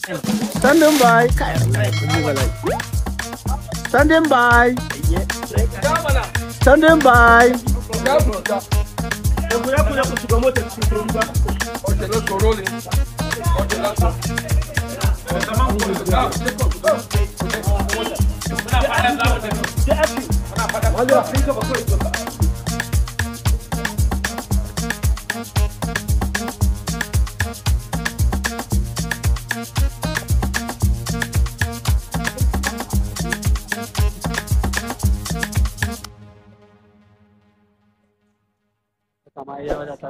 Standing by. Standing by. Standing by. Olha a frente, कमाया जाता